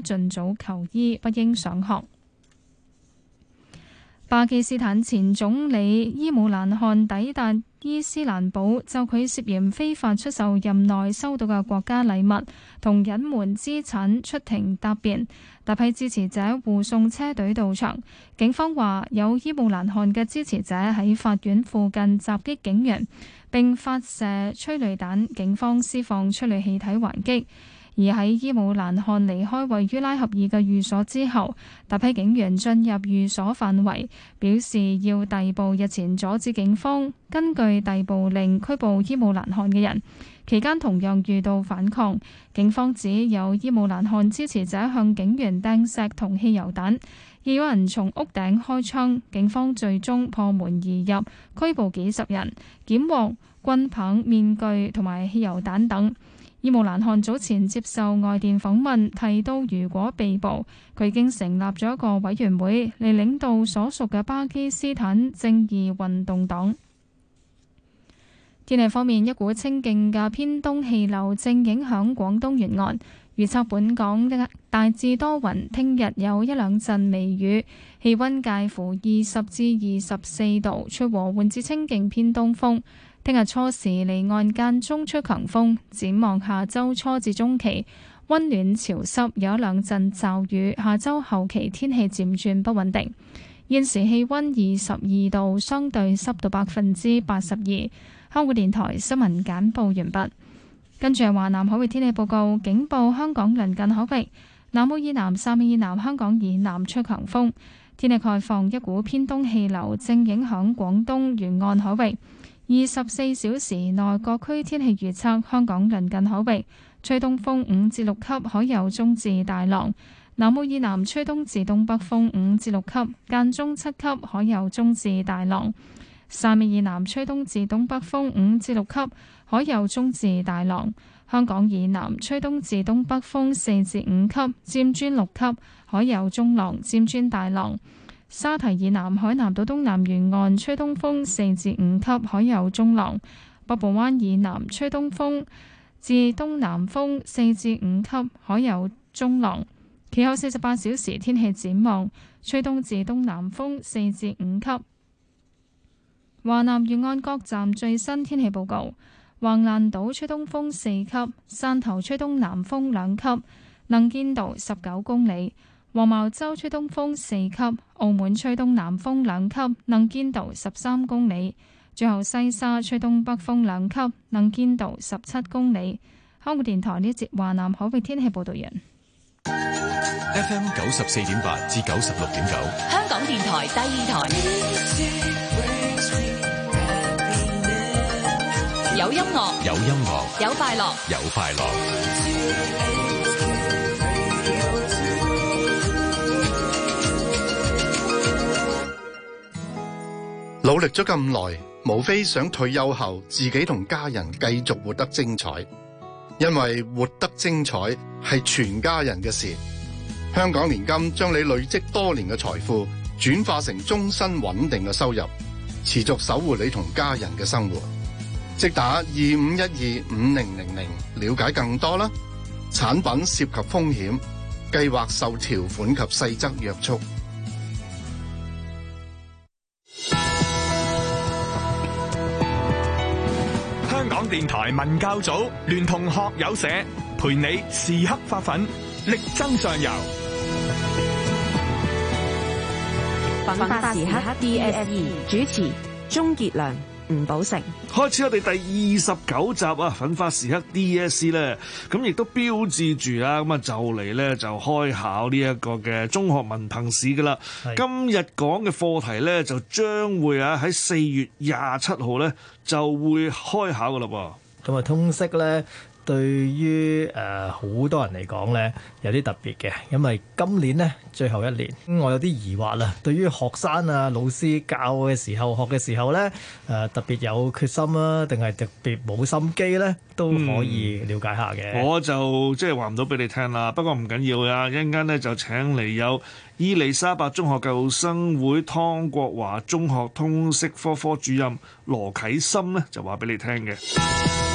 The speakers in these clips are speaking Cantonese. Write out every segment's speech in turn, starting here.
盡早求醫，不應上學。巴基斯坦前總理伊姆蘭汗抵達伊斯蘭堡，就佢涉嫌非法出售任內收到嘅國家禮物同隱瞞資產出庭答辯。大批支持者護送車隊到場，警方話有伊姆蘭汗嘅支持者喺法院附近襲擊警員，並發射催淚彈，警方施放催淚氣體還擊。而喺伊姆蘭汗離開位於拉合爾嘅寓所之後，大批警員進入寓所範圍，表示要逮捕日前阻止警方根據逮捕令拘捕伊姆蘭汗嘅人。期間同樣遇到反抗，警方指有伊姆蘭汗支持者向警員掟石同汽油彈，而有人從屋頂開槍。警方最終破門而入，拘捕幾十人，檢獲棍棒、面具同埋汽油彈等。伊姆蘭汗早前接受外電訪問，提到如果被捕，佢已經成立咗一個委員會嚟領導所屬嘅巴基斯坦正義運動黨。天氣方面，一股清勁嘅偏東氣流正影響廣東沿岸，預測本港大致多雲，聽日有一兩陣微雨，氣溫介乎二十至二十四度，出和緩至清勁偏東風。聽日初時離岸間中出強風，展望下周初至中期溫暖潮濕，有一兩陣驟雨。下周後期天氣漸轉不穩定。現時氣溫二十二度，相對濕度百分之八十二。香港電台新聞簡報完畢。跟住係華南海域天氣報告，警報：香港鄰近海域南澳以南、汕尾以南、香港以南出強風。天氣概況，一股偏東氣流正影響廣東沿岸海域。二十四小時內各區天氣預測：香港鄰近海域吹東風五至六級，海有中至大浪；南澳以南吹東至東北風五至六級，間中七級，海有中至大浪；汕尾以南吹東至東北風五至六級，海有中至大浪；香港以南吹東至東北風四至五級，漸轉六級，海有中浪漸轉大浪。沙堤以南海南島東南沿岸吹東風四至五級，海有中浪；北部灣以南吹東風至東南風四至五級，海有中浪。其後四十八小時天氣展望：吹東至東南風四至五級。華南沿岸各站最新天氣報告：橫欄島吹東風四級，汕頭吹東南風兩級，能見度十九公里。黃茅洲吹東風四級，澳門吹東南風兩級，能見度十三公里。最後西沙吹東北風兩級，能見度十七公里。香港電台呢一節華南海域天氣報道員。FM 九十四點八至九十六點九，香港電台第二台。有音樂，有音樂，有快樂，有快樂。努力咗咁耐，無非想退休後自己同家人繼續活得精彩，因為活得精彩係全家人嘅事。香港年金將你累積多年嘅財富轉化成終身穩定嘅收入，持續守護你同家人嘅生活。即打二五一二五零零零了解更多啦。產品涉及風險，計劃受條款及細則約束。香港電台文教組聯同學友社陪你時刻發奮，力爭上游。奮發時刻 DSE 主持鍾杰良。吳保成，開始我哋第二十九集啊！奮發時刻 DSE 咧，咁亦都標誌住啊，咁啊就嚟咧就開考呢一個嘅中學文憑試噶啦。是今日講嘅課題咧就將會啊喺四月廿七號咧就會開考噶啦噃。咁啊，通識咧。對於誒好多人嚟講呢有啲特別嘅，因為今年呢，最後一年，嗯、我有啲疑惑啦。對於學生啊，老師教嘅時候、學嘅時候呢，誒、呃、特別有決心啊，定係特別冇心機呢，都可以了解下嘅、嗯。我就即係話唔到俾你聽啦。不過唔緊要啊，一陣間呢，就請嚟有伊利沙伯中學舊生會湯國華中學通識科科主任羅啟心呢，就話俾你聽嘅。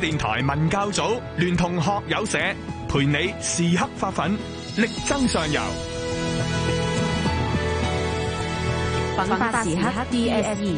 電台文教組聯同學友社陪你時刻發奮，力爭上游。奮發時刻 DSE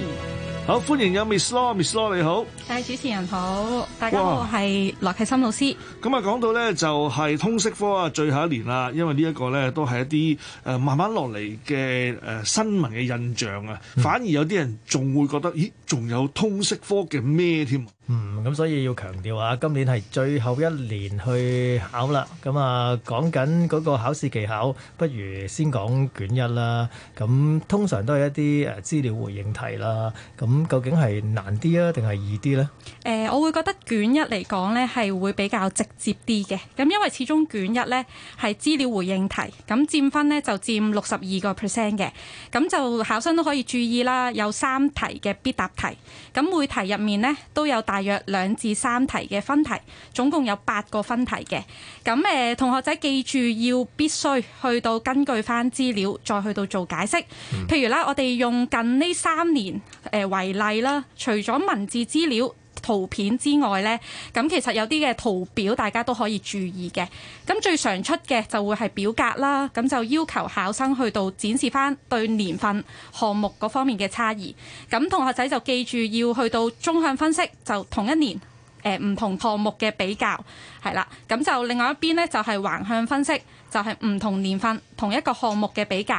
好，歡迎有 Miss Law Miss Law 你好，係主持人好，大家好，我係羅啟心老師。咁啊，講到咧就係通識科啊，最後一年啦，因為呢一個咧都係一啲誒慢慢落嚟嘅誒新聞嘅印象啊，反而有啲人仲會覺得咦，仲有通識科嘅咩添？嗯，咁所以要強調啊，今年係最後一年去考啦。咁、嗯、啊，講緊嗰個考試技巧，不如先講卷一啦。咁、嗯、通常都係一啲誒資料回應題啦。咁、嗯、究竟係難啲啊，定係易啲呢？誒、呃，我會覺得卷一嚟講呢係會比較直接啲嘅。咁因為始終卷一呢係資料回應題，咁佔分呢就佔六十二個 percent 嘅。咁就考生都可以注意啦，有三題嘅必答題。咁每題入面呢都有答。大約兩至三題嘅分題，總共有八個分題嘅。咁誒、呃，同學仔記住要必須去到根據翻資料再去到做解釋。嗯、譬如啦，我哋用近呢三年誒、呃、為例啦，除咗文字資料圖片之外呢，咁其實有啲嘅圖表大家都可以注意嘅。咁最常出嘅就會係表格啦，咁就要求考生去到展示翻對年份項目嗰方面嘅差異。咁同學仔就記住要去到縱向分析，就同一年誒唔同項目嘅比較，係啦。咁就另外一邊呢，就係橫向分析。就係唔同年份同一個項目嘅比較，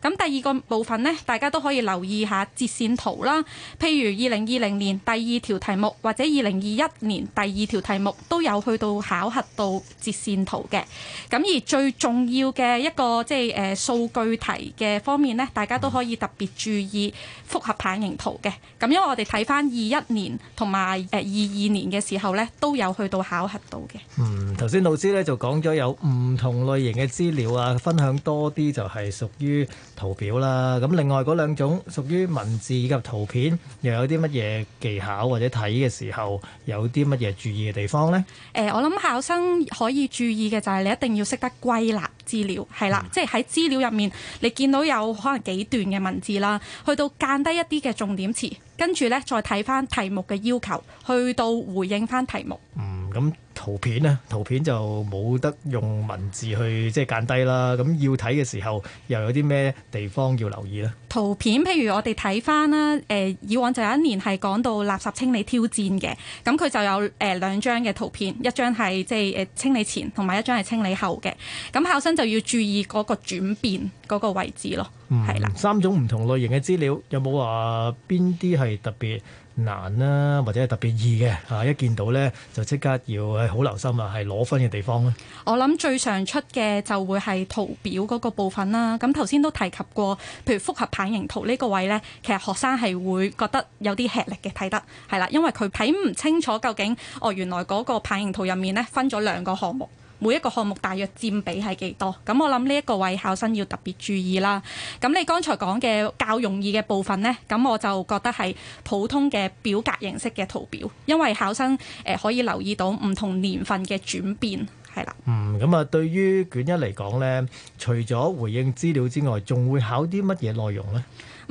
咁第二個部分咧，大家都可以留意下折線圖啦。譬如二零二零年第二條題目或者二零二一年第二條題目都有去到考核到折線圖嘅。咁而最重要嘅一個即係誒數據題嘅方面咧，大家都可以特別注意複合棒形圖嘅。咁因為我哋睇翻二一年同埋誒二二年嘅時候咧，都有去到考核到嘅。嗯，頭先老師咧就講咗有唔同類型。嘅資料啊，分享多啲就係屬於圖表啦。咁另外嗰兩種屬於文字以及圖片，又有啲乜嘢技巧或者睇嘅時候有啲乜嘢注意嘅地方呢？誒、欸，我諗考生可以注意嘅就係你一定要識得歸納資料，係啦，嗯、即係喺資料入面你見到有可能幾段嘅文字啦，去到間低一啲嘅重點詞，跟住呢再睇翻題目嘅要求，去到回應翻題目。嗯。咁圖片呢，圖片就冇得用文字去即係間低啦。咁要睇嘅時候，又有啲咩地方要留意呢？圖片，譬如我哋睇返啦，誒、呃、以往就有一年係講到垃圾清理挑戰嘅，咁佢就有誒、呃、兩張嘅圖片，一張係即係誒清理前，同埋一張係清理後嘅。咁考生就要注意嗰個轉變嗰個位置咯，係、嗯、啦。三種唔同類型嘅資料，有冇話邊啲係特別難啦、啊，或者係特別易嘅嚇、啊，一見到咧就即刻要係好留心啊，係攞分嘅地方咯、啊。我諗最常出嘅就會係圖表嗰個部分啦。咁頭先都提及過，譬如複合棒形圖呢個位咧，其實學生係會覺得有啲吃力嘅，睇得係啦，因為佢睇唔清楚究竟，哦，原來嗰個棒形圖入面呢，分咗兩個項目。每一個項目大約佔比係幾多？咁我諗呢一個位考生要特別注意啦。咁你剛才講嘅較容易嘅部分呢，咁我就覺得係普通嘅表格形式嘅圖表，因為考生誒可以留意到唔同年份嘅轉變，係啦。嗯，咁啊，對於卷一嚟講呢，除咗回應資料之外，仲會考啲乜嘢內容呢？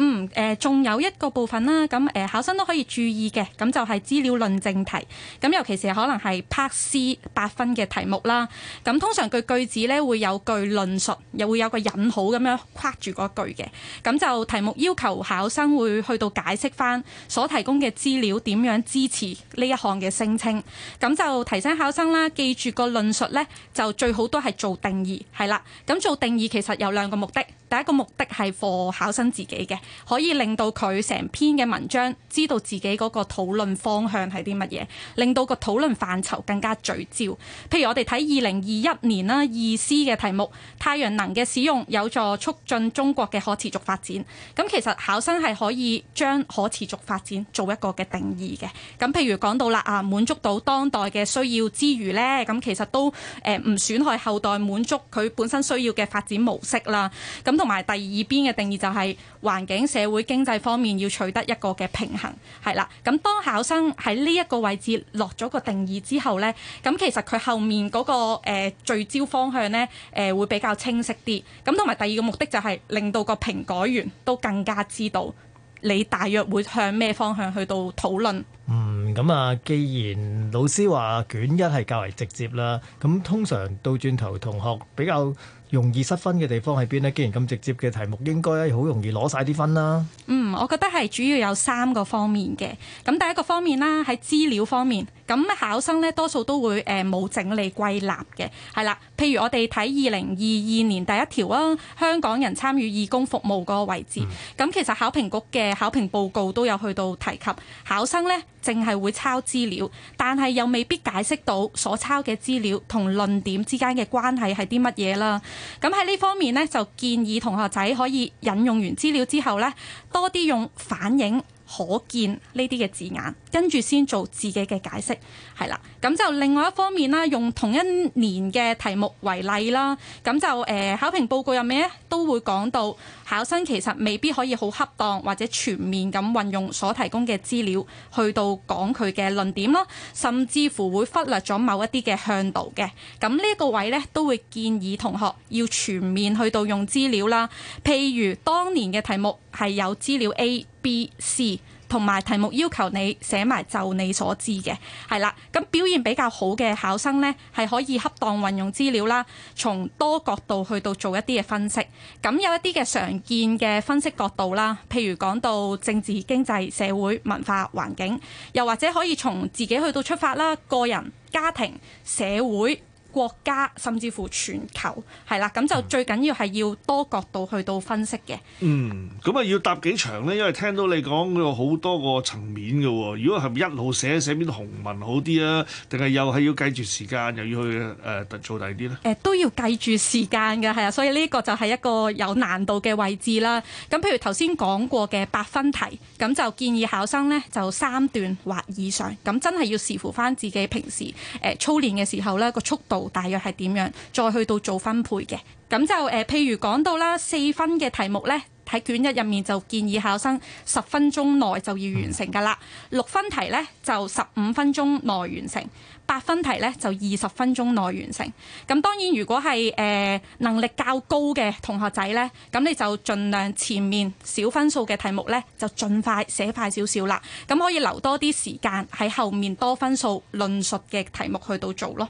嗯，誒、呃、仲有一個部分啦，咁、嗯、誒考生都可以注意嘅，咁就係、是、資料論證題，咁尤其是可能係 Part C 八分嘅題目啦。咁、啊、通常句句子咧會有句論述，又會有個引號咁樣框住嗰句嘅，咁、啊、就題目要求考生會去到解釋翻所提供嘅資料點樣支持呢一項嘅聲稱。咁、啊、就、嗯啊、提醒考生啦，記住個論述咧就最好都係做定義，係啦。咁做定義其實有兩個目的。第一個目的係課考生自己嘅，可以令到佢成篇嘅文章知道自己嗰個討論方向係啲乜嘢，令到個討論範疇更加聚焦。譬如我哋睇二零二一年啦二 C 嘅題目，太陽能嘅使用有助促進中國嘅可持續發展。咁其實考生係可以將可持續發展做一個嘅定義嘅。咁譬如講到啦啊，滿足到當代嘅需要之餘呢，咁其實都誒唔損害後代滿足佢本身需要嘅發展模式啦。咁同埋第二邊嘅定義就係環境、社會、經濟方面要取得一個嘅平衡，係啦。咁當考生喺呢一個位置落咗個定義之後呢，咁其實佢後面嗰個誒、呃、聚焦方向呢誒會比較清晰啲。咁同埋第二個目的就係令到個評改員都更加知道你大約會向咩方向去到討論。嗯，咁啊，既然老師話卷一係較為直接啦，咁通常倒轉頭同學比較。容易失分嘅地方喺邊呢？既然咁直接嘅題目，應該好容易攞晒啲分啦。嗯，我覺得係主要有三個方面嘅。咁第一個方面啦，喺資料方面。咁考生呢，多數都會誒冇、呃、整理歸納嘅，係啦。譬如我哋睇二零二二年第一條啊，香港人參與義工服務嗰個位置。咁、嗯、其實考評局嘅考評報告都有去到提及考生呢，淨係會抄資料，但係又未必解釋到所抄嘅資料同論點之間嘅關係係啲乜嘢啦。咁喺呢方面呢，就建議同學仔可以引用完資料之後呢，多啲用反映。可見呢啲嘅字眼，跟住先做自己嘅解釋，係啦。咁就另外一方面啦，用同一年嘅題目為例啦。咁就誒、呃、考評報告入面呢都會講到考生其實未必可以好恰當或者全面咁運用所提供嘅資料去到講佢嘅論點啦，甚至乎會忽略咗某一啲嘅向度嘅。咁呢一個位咧都會建議同學要全面去到用資料啦。譬如當年嘅題目係有資料 A。B、C 同埋題目要求你寫埋就你所知嘅，係啦。咁表現比較好嘅考生呢，係可以恰當運用資料啦，從多角度去到做一啲嘅分析。咁有一啲嘅常見嘅分析角度啦，譬如講到政治、經濟、社會、文化、環境，又或者可以從自己去到出發啦，個人、家庭、社會、國家甚至乎全球係啦，咁就最緊要係要多角度去到分析嘅、嗯。嗯，咁啊要搭幾長呢？因為聽到你講有好多個層面嘅喎。如果係咪一路寫寫邊啲紅文好啲啊？定係又係要計住時間，又要去誒、呃、做大啲呢？誒、呃，都要計住時間㗎，係啊。所以呢個就係一個有難度嘅位置啦。咁譬如頭先講過嘅八分題，咁就建議考生呢，就三段或以上。咁真係要視乎翻自己平時誒操練嘅時候呢、嗰個速度。大約係點樣再去到做分配嘅咁就誒、呃，譬如講到啦，四分嘅題目呢，喺卷一入面就建議考生十分鐘內就要完成噶啦。六分題呢，就十五分鐘內完成，八分題呢，就二十分鐘內完成。咁當然，如果係誒、呃、能力較高嘅同學仔呢，咁你就盡量前面少分數嘅題目呢，就盡快寫快少少啦。咁可以留多啲時間喺後面多分數論述嘅題目去到做咯。。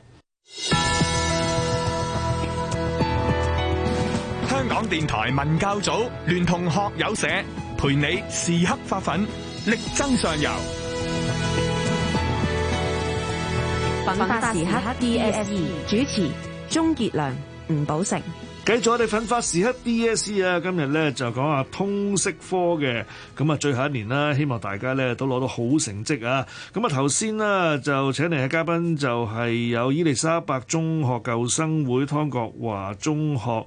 香港電臺文教組聯同學友社，陪你時刻發奮，力爭上游。奮發時刻繼續我哋奮發時刻 D.S.C 啊，今日咧，就講下通識科嘅。咁啊，最後一年啦，希望大家咧都攞到好成績啊。咁啊，頭先啦就請嚟嘅嘉賓就係有伊利沙伯中學舊生會、湯國華中學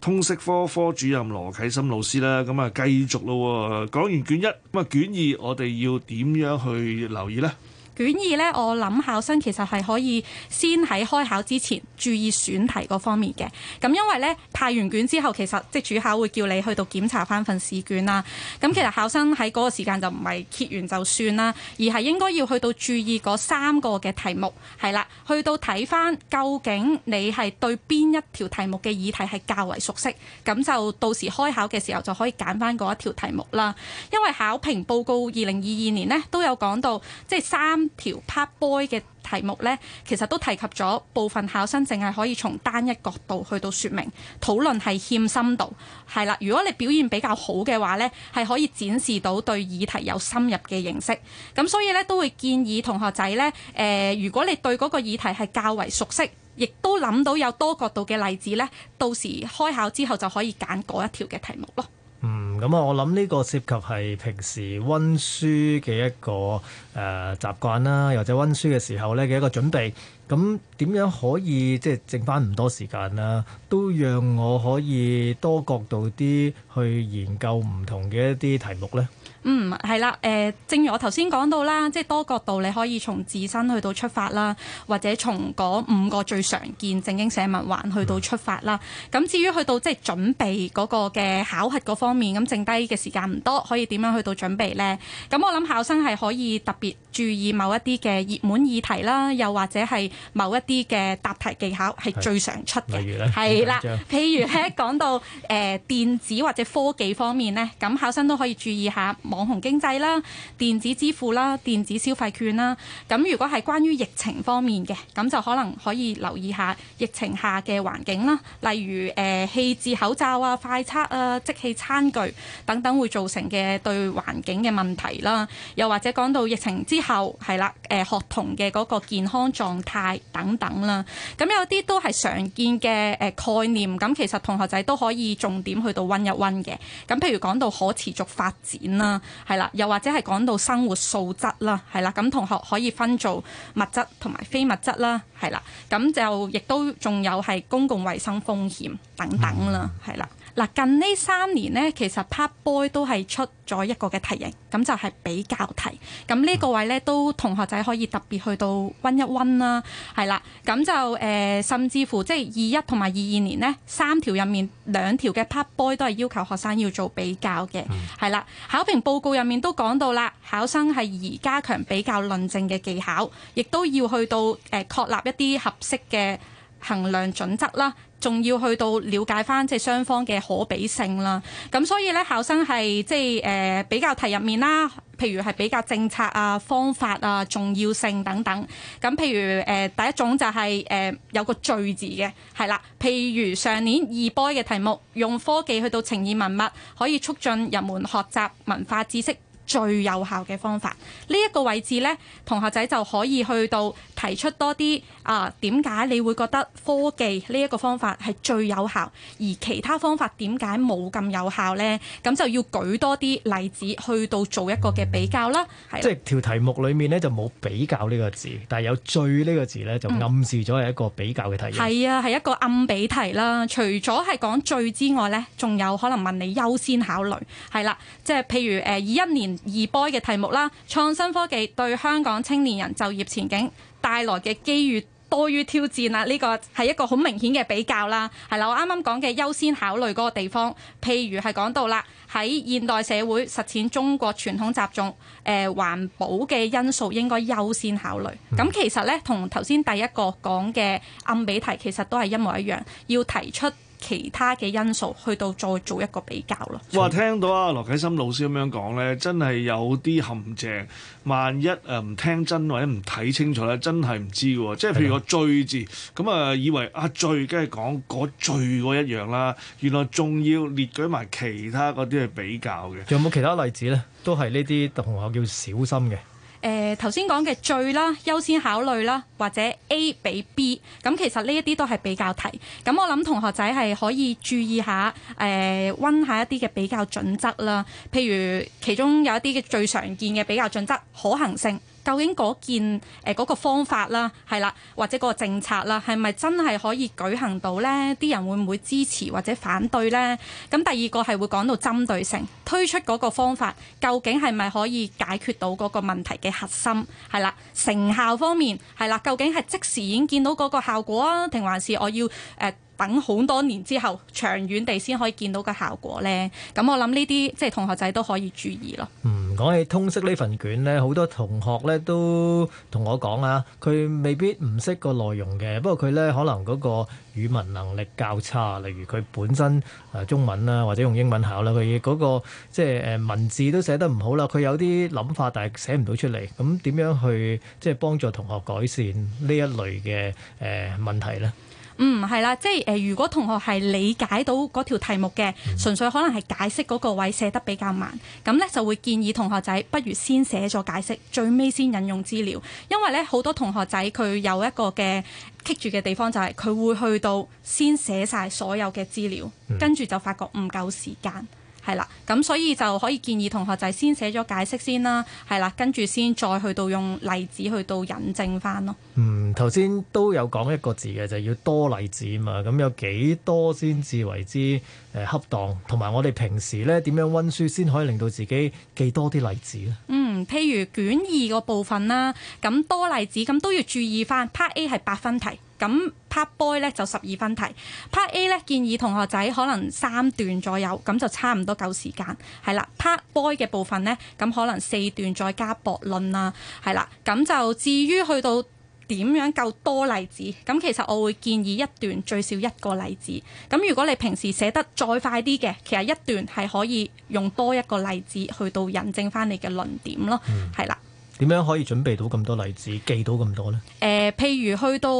通識科科主任羅啟心老師啦。咁啊，繼續咯，講完卷一咁啊，卷二我哋要點樣去留意呢？卷二呢，我諗考生其實係可以先喺開考之前注意選題嗰方面嘅。咁因為咧派完卷之後，其實即係主考會叫你去到檢查翻份試卷啦。咁其實考生喺嗰個時間就唔係揭完就算啦，而係應該要去到注意嗰三個嘅題目，係啦，去到睇翻究竟你係對邊一條題目嘅議題係較為熟悉，咁就到時開考嘅時候就可以揀翻嗰一條題目啦。因為考評報告二零二二年咧都有講到，即係三。條 part boy 嘅題目呢，其實都提及咗部分考生淨係可以從單一角度去到說明，討論係欠深度，係啦。如果你表現比較好嘅話呢，係可以展示到對議題有深入嘅認識。咁所以呢，都會建議同學仔呢，誒、呃，如果你對嗰個議題係較為熟悉，亦都諗到有多角度嘅例子呢，到時開考之後就可以揀嗰一條嘅題目咯。嗯，咁啊，我諗呢個涉及係平時溫書嘅一個誒、呃、習慣啦，又或者溫書嘅時候咧嘅一個準備，咁。點樣可以即係剩翻唔多時間啦？都讓我可以多角度啲去研究唔同嘅一啲題目呢？嗯，係啦。誒、呃，正如我頭先講到啦，即係多角度你可以從自身去到出發啦，或者從嗰五個最常見政經社文環去到出發啦。咁、嗯、至於去到即係準備嗰個嘅考核嗰方面，咁剩低嘅時間唔多，可以點樣去到準備呢？咁我諗考生係可以特別注意某一啲嘅熱門議題啦，又或者係某一啲嘅答題技巧係最常出嘅，係啦。的早 譬如咧講到誒、呃、電子或者科技方面咧，咁考生都可以注意下網紅經濟啦、電子支付啦、電子消費券啦。咁如果係關於疫情方面嘅，咁就可能可以留意下疫情下嘅環境啦，例如誒棄、呃、置口罩啊、快測啊、即棄餐具等等會造成嘅對環境嘅問題啦。又或者講到疫情之後，係啦，誒、呃、學童嘅嗰個健康狀態等。等啦，咁有啲都係常見嘅誒概念，咁其實同學仔都可以重點去到温一温嘅。咁譬如講到可持續發展啦，係啦，又或者係講到生活素質啦，係啦，咁同學可以分做物質同埋非物質啦，係啦，咁就亦都仲有係公共衛生風險等等啦，係啦。嗱、嗯，近呢三年呢，其實 part boy 都係出。再一個嘅題型，咁就係比較題。咁呢個位呢，都同學仔可以特別去到温一温啦，係啦。咁就誒、呃，甚至乎即係二一同埋二二年呢，三條入面兩條嘅 part boy 都係要求學生要做比較嘅，係啦、嗯。考評報告入面都講到啦，考生係宜加強比較論證嘅技巧，亦都要去到誒、呃、確立一啲合適嘅衡量準則啦。仲要去到了解翻即係雙方嘅可比性啦，咁所以呢，考生係即係誒、呃、比較題入面啦，譬如係比較政策啊、方法啊、重要性等等，咁譬如誒、呃、第一種就係、是、誒、呃、有個序字嘅，係啦，譬如上年二波嘅題目，用科技去到呈現文物，可以促進人們學習文化知識。最有效嘅方法呢一、這個位置咧，同學仔就可以去到提出多啲啊，點、呃、解你會覺得科技呢一個方法係最有效，而其他方法點解冇咁有效咧？咁就要舉多啲例子去到做一個嘅比較啦。嗯、了即係條題目裏面咧就冇比較呢個字，但係有最呢個字咧就暗示咗係一個比較嘅題。係、嗯、啊，係一個暗比題啦。除咗係講最之外咧，仲有可能問你優先考慮係啦。即係譬如誒二一年。二波嘅題目啦，創新科技對香港青年人就業前景帶來嘅機遇多於挑戰啦，呢個係一個好明顯嘅比較啦。係啦，我啱啱講嘅優先考慮嗰個地方，譬如係講到啦，喺現代社會實踐中國傳統習俗，誒、呃、環保嘅因素應該優先考慮。咁、嗯、其實呢，同頭先第一個講嘅暗比題其實都係一模一樣，要提出。其他嘅因素去到再做一個比較咯。我話聽到啊，羅啟心老師咁樣講咧，真係有啲陷阱。萬一誒唔聽真或者唔睇清楚咧，真係唔知嘅。即係譬如個罪字咁的啊，以為啊罪梗係講嗰罪嗰一樣啦，原來仲要列舉埋其他嗰啲去比較嘅。有冇其他例子咧？都係呢啲同學要小心嘅。誒頭先講嘅最啦，優先考慮啦，或者 A 比 B 咁，其實呢一啲都係比較題。咁我諗同學仔係可以注意下誒，溫、呃、下一啲嘅比較準則啦。譬如其中有一啲嘅最常見嘅比較準則，可行性。究竟嗰件誒、呃嗰個方法啦，係啦，或者嗰個政策啦，係咪真係可以舉行到咧？啲人會唔會支持或者反對咧？咁第二個係會講到針對性，推出嗰個方法，究竟係咪可以解決到嗰個問題嘅核心？係啦，成效方面係啦，究竟係即時已經見到嗰個效果啊，定還是我要誒。呃等好多年之後，長遠地先可以見到個效果呢。咁我諗呢啲即係同學仔都可以注意咯。嗯，講起通識呢份卷呢，好多同學呢都同我講啊，佢未必唔識個內容嘅，不過佢呢可能嗰個語文能力較差。例如佢本身誒中文啦，或者用英文考啦，佢嗰個即係誒文字都寫得唔好啦。佢有啲諗法，但係寫唔到出嚟。咁點樣去即係幫助同學改善呢一類嘅誒問題呢？嗯，係啦，即係誒、呃，如果同學係理解到嗰條題目嘅，純粹可能係解釋嗰個位寫得比較慢，咁呢就會建議同學仔不如先寫咗解釋，最尾先引用資料，因為呢，好多同學仔佢有一個嘅棘住嘅地方就係，是，佢會去到先寫晒所有嘅資料，跟住就發覺唔夠時間。係啦，咁所以就可以建議同學仔先寫咗解釋先啦，係啦，跟住先再去到用例子去到引證翻咯。嗯，頭先都有講一個字嘅，就係要多例子啊嘛。咁有幾多先至為之誒、呃、恰當？同埋我哋平時咧點樣溫書先可以令到自己記多啲例子咧？嗯，譬如卷二個部分啦，咁多例子咁都要注意翻。Part A 係八分題。咁 part B 咧就十二分題，part A 咧建議同學仔可能三段左右，咁就差唔多夠時間係啦。part B 嘅部分咧，咁可能四段再加駁論啊，係啦。咁就至於去到點樣夠多例子，咁其實我會建議一段最少一個例子。咁如果你平時寫得再快啲嘅，其實一段係可以用多一個例子去到引證翻你嘅論點咯，係啦、嗯。點樣可以準備到咁多例子，記到咁多呢？誒、呃，譬如去到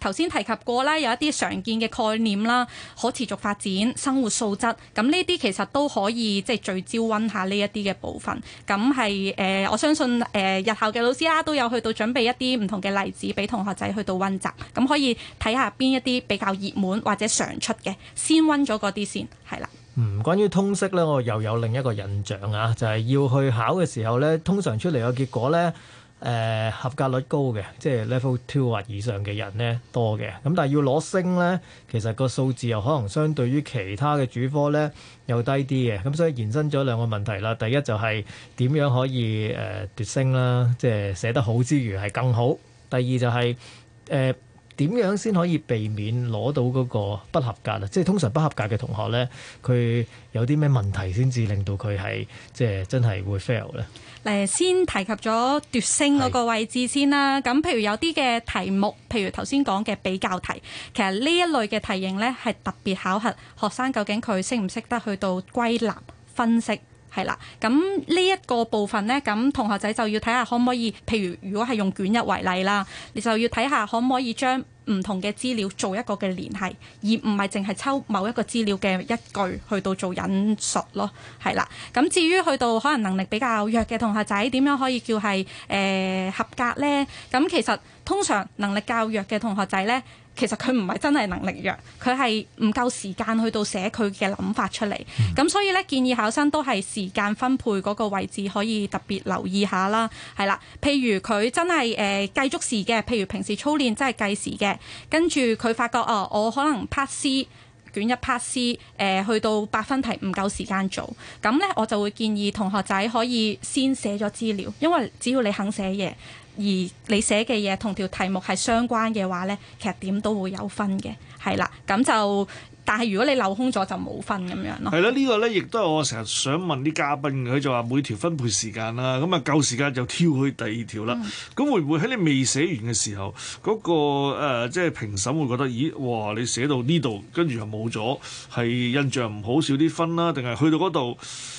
頭先提及過啦，有一啲常見嘅概念啦，可持續發展、生活素質，咁呢啲其實都可以即係聚焦溫下呢一啲嘅部分。咁係誒，我相信誒、呃、日後嘅老師啦，都有去到準備一啲唔同嘅例子，俾同學仔去到溫習。咁可以睇下邊一啲比較熱門或者常出嘅，先溫咗嗰啲先，係啦。唔關於通識咧，我又有另一個印象啊，就係、是、要去考嘅時候咧，通常出嚟嘅結果咧，誒、呃、合格率高嘅，即係 level two 或以上嘅人咧多嘅。咁但係要攞星咧，其實個數字又可能相對於其他嘅主科咧又低啲嘅。咁所以延伸咗兩個問題啦。第一就係點樣可以誒、呃、奪星啦，即係寫得好之餘係更好。第二就係、是、誒。呃點樣先可以避免攞到嗰個不合格啊？即係通常不合格嘅同學呢，佢有啲咩問題先至令到佢係即係真係會 fail 呢？誒，先提及咗奪星嗰個位置先啦。咁是譬如有啲嘅題目，譬如頭先講嘅比較題，其實呢一類嘅題型呢係特別考核學生究竟佢識唔識得去到歸納分析。係啦，咁呢一個部分呢，咁同學仔就要睇下可唔可以，譬如如果係用卷一為例啦，你就要睇下可唔可以將唔同嘅資料做一個嘅聯繫，而唔係淨係抽某一個資料嘅一句去到做引述咯。係啦，咁至於去到可能能力比較弱嘅同學仔點樣可以叫係誒、呃、合格呢？咁其實通常能力較弱嘅同學仔呢。其實佢唔係真係能力弱，佢係唔夠時間去到寫佢嘅諗法出嚟。咁所以呢，建議考生都係時間分配嗰個位置可以特別留意下啦。係啦，譬如佢真係誒計足時嘅，譬如平時操練真係計時嘅，跟住佢發覺哦，我可能 part C，卷一 part C，去到八分題唔夠時間做。咁呢，我就會建議同學仔可以先寫咗資料，因為只要你肯寫嘢。而你寫嘅嘢同條題目係相關嘅話咧，其實點都會有分嘅，係啦。咁就，但係如果你漏空咗就冇分咁樣咯。係啦、嗯，個呢個咧亦都係我成日想問啲嘉賓嘅，佢就話每條分配時間啦，咁啊夠時間就挑去第二條啦。咁、嗯、會唔會喺你未寫完嘅時候，嗰、那個、呃、即係評審會覺得，咦哇你寫到呢度，跟住又冇咗，係印象唔好，少啲分啦？定係去到嗰度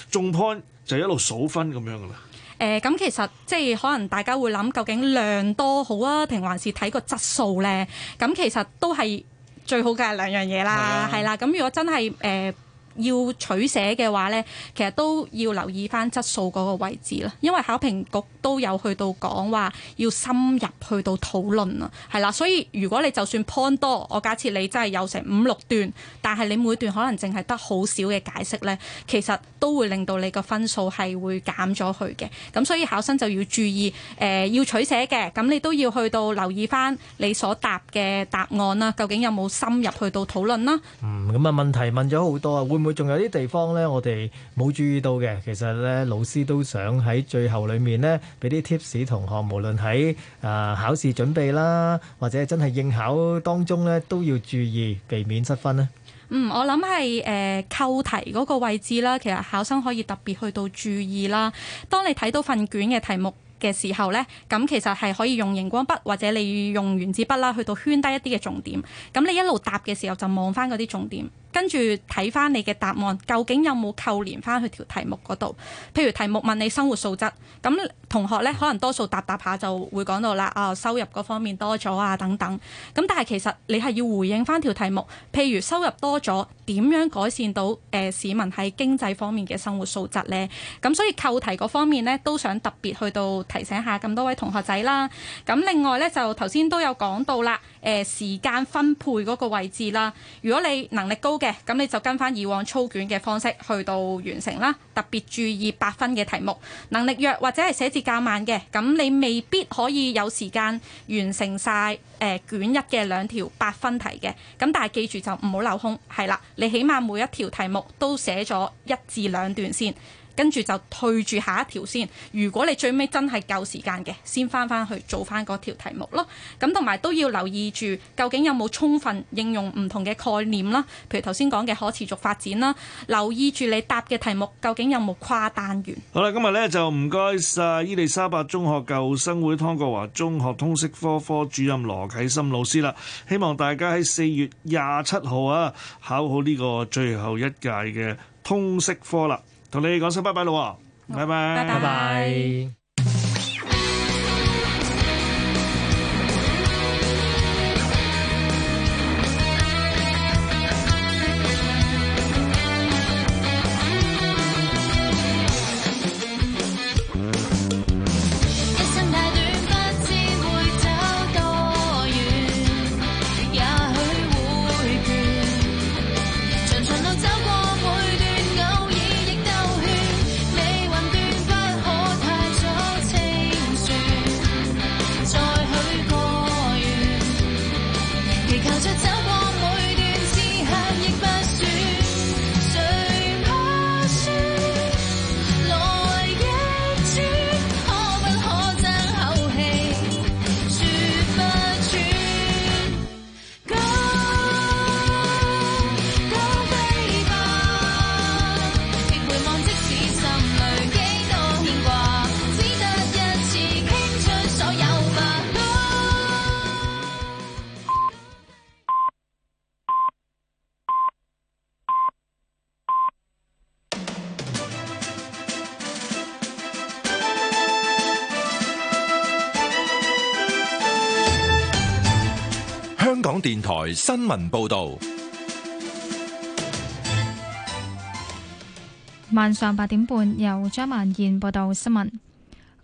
中 point 就一路數分咁樣噶啦？誒咁、呃、其實即係可能大家會諗究竟量多好啊，定還是睇個質素咧？咁其實都係最好嘅兩樣嘢啦，係啦 Yeah.。咁如果真係誒、呃要取捨嘅話咧，其實都要留意翻質素嗰個位置啦，因為考評局都有去到講話要深入去到討論啊，係啦，所以如果你就算 point 多，我假設你真係有成五六段，但係你每段可能淨係得好少嘅解釋咧，其實都會令到你個分數係會減咗去嘅，咁所以考生就要注意，誒、呃、要取捨嘅，咁你都要去到留意翻你所答嘅答案啦，究竟有冇深入去到討論啦？嗯，咁啊問題問咗好多啊，會。會仲有啲地方呢，我哋冇注意到嘅。其實呢，老師都想喺最後裏面呢，俾啲 tips 同學，無論喺誒、呃、考試準備啦，或者真係應考當中呢，都要注意避免失分呢，嗯，我諗係誒扣題嗰個位置啦。其實考生可以特別去到注意啦。當你睇到份卷嘅題目嘅時候呢，咁其實係可以用螢光筆或者你用原子筆啦，去到圈低一啲嘅重點。咁你一路答嘅時候就望翻嗰啲重點。跟住睇翻你嘅答案，究竟有冇扣連翻去條題目嗰度？譬如題目問你生活素質，咁同學呢，可能多數答答下就會講到啦。啊、哦，收入嗰方面多咗啊，等等。咁但係其實你係要回應翻條題目，譬如收入多咗，點樣改善到誒、呃、市民喺經濟方面嘅生活素質呢？咁所以扣題嗰方面呢，都想特別去到提醒下咁多位同學仔啦。咁另外呢，就頭先都有講到啦。誒時間分配嗰個位置啦。如果你能力高嘅，咁你就跟翻以往操卷嘅方式去到完成啦。特別注意八分嘅題目，能力弱或者係寫字較慢嘅，咁你未必可以有時間完成晒誒卷一嘅兩條八分題嘅。咁但係記住就唔好漏空係啦。你起碼每一條題目都寫咗一至兩段先。跟住就退住下一條先。如果你最尾真係夠時間嘅，先翻翻去做翻嗰條題目咯。咁同埋都要留意住，究竟有冇充分應用唔同嘅概念啦？譬如頭先講嘅可持續發展啦，留意住你答嘅題目究竟有冇跨單元。好啦，今日呢就唔該晒伊利沙伯中學舊生會湯國華中學通識科科主任羅啟心老師啦。希望大家喺四月廿七號啊，考好呢個最後一屆嘅通識科啦。同你講聲拜拜啦，喎，拜拜拜拜。港電台新聞報道，晚上八點半由張萬燕報道新聞。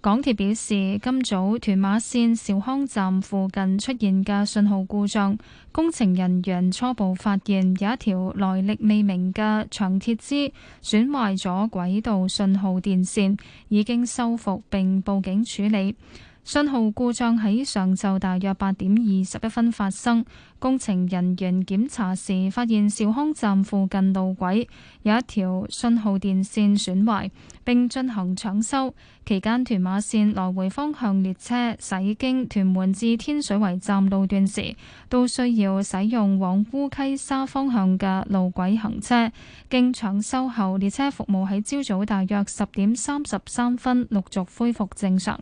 港鐵表示，今早屯馬線兆康站附近出現嘅信號故障，工程人員初步發現有一條來歷未明嘅長鐵枝損壞咗軌道信號電線，已經修復並報警處理。信號故障喺上晝大約八點二十一分發生，工程人員檢查時發現兆康站附近路軌有一條信號電線損壞，並進行搶修。期間，屯馬綫來回方向列車駛經屯門至天水圍站路段時，都需要使用往烏溪沙方向嘅路軌行車。經搶修後，列車服務喺朝早大約十點三十三分陸續恢復正常。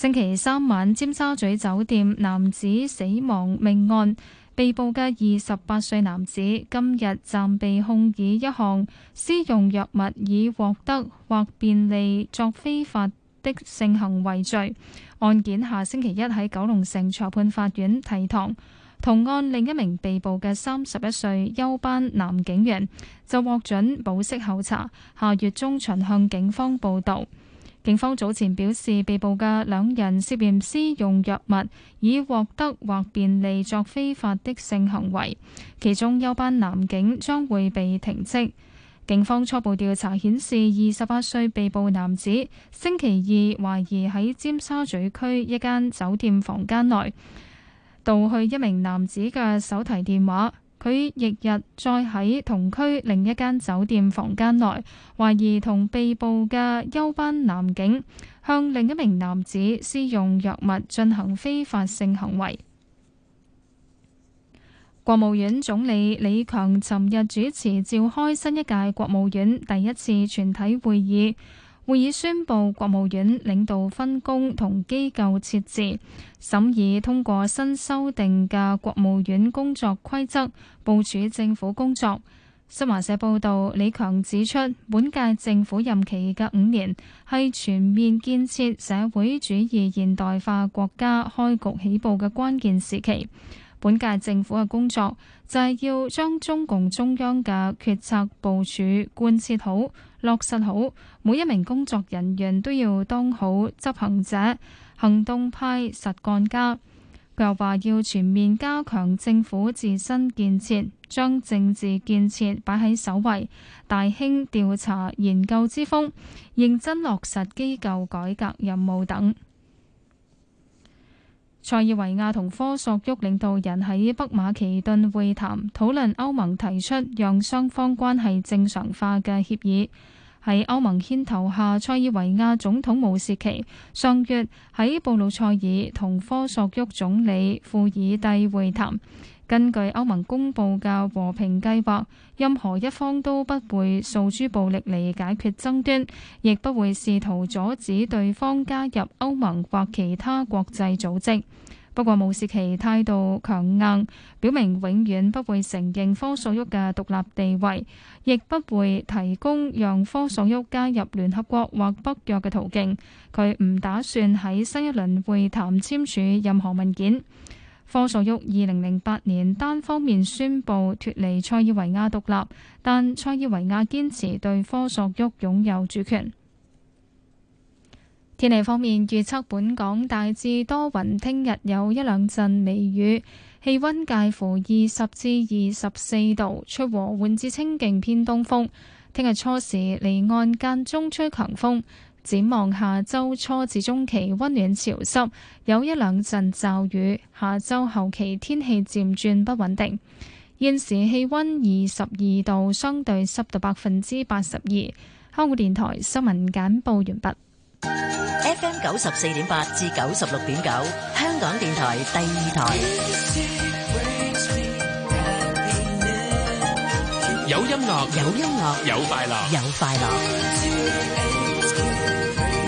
星期三晚尖沙咀酒店男子死亡命案被捕嘅二十八歲男子，今日暫被控以一項私用藥物以獲得或便利作非法的性行為罪。案件下星期一喺九龍城裁判法院提堂。同案另一名被捕嘅三十一歲休班男警員就獲准保釋候查，下月中旬向警方報到。警方早前表示，被捕嘅兩人涉嫌施用藥物以獲得或便利作非法的性行為，其中休班男警將會被停職。警方初步調查顯示，二十八歲被捕男子星期二懷疑喺尖沙咀區一間酒店房間內盜去一名男子嘅手提電話。佢翌日再喺同區另一間酒店房間內，懷疑同被捕嘅休班男警向另一名男子施用藥物進行非法性行為。國務院總理李強尋日主持召開新一屆國務院第一次全體會議。會議宣布國務院領導分工同機構設置，審議通過新修訂嘅國務院工作規則，部署政府工作。新華社報道，李強指出，本屆政府任期嘅五年係全面建設社會主義現代化國家開局起步嘅關鍵時期。本屆政府嘅工作就係要將中共中央嘅決策部署貫徹好、落實好，每一名工作人員都要當好執行者、行動派、實幹家。佢又話要全面加強政府自身建設，將政治建設擺喺首位，大興調查研究之風，認真落實機構改革任務等。塞爾維亞同科索沃領導人喺北馬其頓會談，討論歐盟提出讓雙方關係正常化嘅協議。喺歐盟牽頭下，塞爾維亞總統武契奇上月喺布魯塞爾同科索沃總理庫爾蒂會談。根據歐盟公佈嘅和平計劃，任何一方都不會訴諸暴力嚟解決爭端，亦不會試圖阻止對方加入歐盟或其他國際組織。不過，穆斯其態度強硬，表明永遠不會承認科索沃嘅獨立地位，亦不會提供讓科索沃加入聯合國或北約嘅途徑。佢唔打算喺新一輪會談簽署任何文件。科索沃二零零八年單方面宣布脫離塞爾維亞獨立，但塞爾維亞堅持對科索沃擁有主權。天氣方面，預測本港大致多雲，聽日有一兩陣微雨，氣溫介乎二十至二十四度，吹和緩至清勁偏東風。聽日初時離岸間中吹強風。展望下周初至中期溫暖潮濕，有一兩陣驟雨。下周後期天氣漸轉不穩定。現時氣溫二十二度，相對濕度百分之八十二。香港電台新聞簡報完畢。FM 九十四點八至九十六點九，香港電台第二台。音樂有音樂，有音樂，有快樂，有快樂。